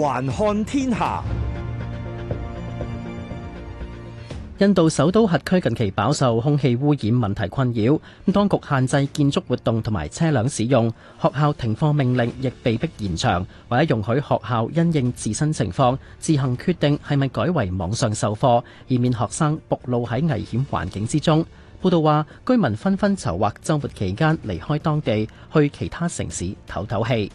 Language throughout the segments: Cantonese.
環看天下，印度首都核區近期飽受空氣污染問題困擾，當局限制建築活動同埋車輛使用，學校停課命令亦被迫延長，為咗容許學校因應自身情況自行決定係咪改為網上授課，以免學生暴露喺危險環境之中。報道話，居民紛紛籌劃周末期間離開當地，去其他城市透透氣。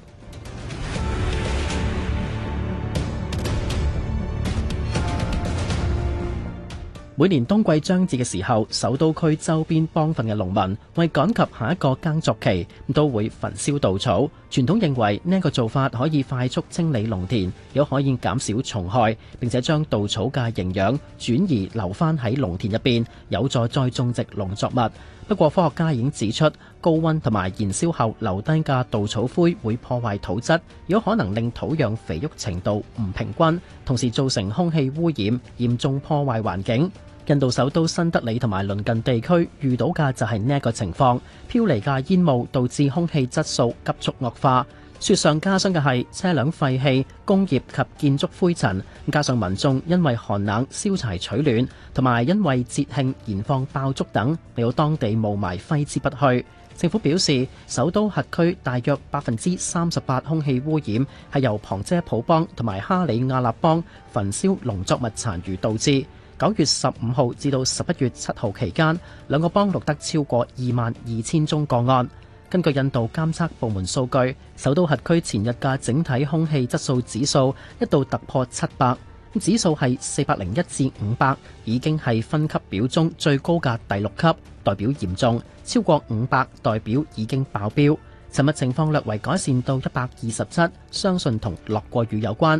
每年冬季將至嘅時候，首都區周邊邦份嘅農民為趕及下一個耕作期，都會焚燒稻草。傳統認為呢個做法可以快速清理農田，又可以減少蟲害，並且將稻草嘅營養轉移留翻喺農田入邊，有助再種植農作物。不過，科學家已經指出，高溫同埋燃燒後留低嘅稻草灰會破壞土質，有可能令土壤肥沃程度唔平均，同時造成空氣污染，嚴重破壞環境。印度首都新德里同埋鄰近地區遇到嘅就係呢一個情況，飄離嘅煙霧導致空氣質素急速惡化。雪上加霜嘅係車輛廢氣、工業及建築灰塵，加上民眾因為寒冷燒柴取暖，同埋因為節慶燃放爆竹等，令到當地霧霾揮之不去。政府表示，首都轄區大約百分之三十八空氣污染係由旁遮普邦同埋哈里亞納邦焚燒農作物殘餘導致。九月十五號至到十一月七號期間，兩個邦錄得超過二萬二千宗個案。根據印度監測部門數據，首都轄區前日嘅整體空氣質素指數一度突破七百，指數係四百零一至五百，已經係分級表中最高嘅第六級，代表嚴重。超過五百代表已經爆表。尋日情況略為改善到一百二十七，相信同落過雨有關。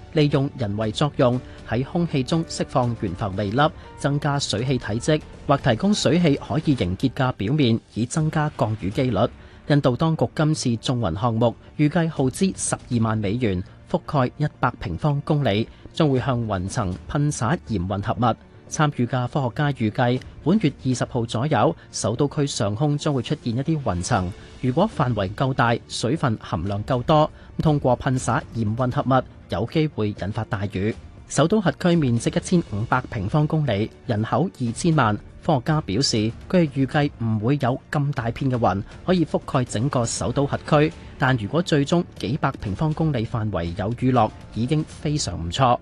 利用人為作用喺空氣中釋放原浮微粒，增加水汽體積，或提供水汽可以凝結嘅表面，以增加降雨機率。印度當局今次種雲項目預計耗資十二萬美元，覆蓋一百平方公里，將會向雲層噴灑鹽混合物。參與嘅科學家預計本月二十號左右，首都區上空將會出現一啲雲層。如果範圍夠大，水分含量夠多，通過噴灑鹽混合物，有機會引發大雨。首都轄區面積一千五百平方公里，人口二千萬。科學家表示，佢哋預計唔會有咁大片嘅雲可以覆蓋整個首都轄區。但如果最終幾百平方公里範圍有雨落，已經非常唔錯。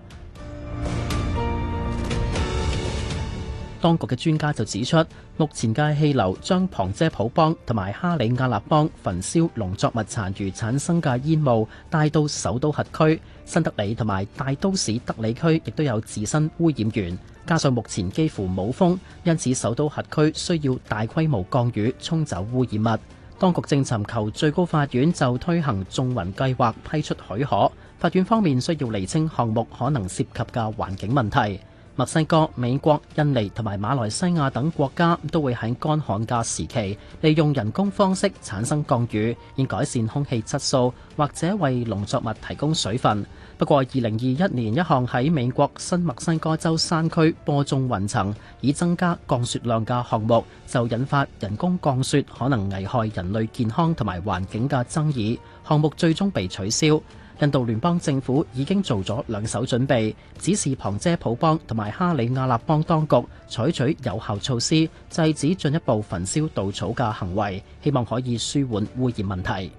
當局嘅專家就指出，目前嘅氣流將旁遮普邦同埋哈里亞納邦焚燒農作物殘餘產生嘅煙霧帶到首都核區新德里同埋大都市德里區，亦都有自身污染源。加上目前幾乎冇風，因此首都核區需要大規模降雨沖走污染物。當局正尋求最高法院就推行種雲計劃批出許可，法院方面需要釐清項目可能涉及嘅環境問題。墨西哥、美國、印尼同埋馬來西亞等國家都會喺乾旱嘅時期，利用人工方式產生降雨，以改善空氣質素或者為農作物提供水分。不過二零二一年一項喺美國新墨西哥州山區播種雲層以增加降雪量嘅項目，就引發人工降雪可能危害人類健康同埋環境嘅爭議，項目最終被取消。印度聯邦政府已經做咗兩手準備，指示旁遮普邦同埋哈里亞納邦當局採取有效措施，制止進一步焚燒稻草嘅行為，希望可以舒緩污染問題。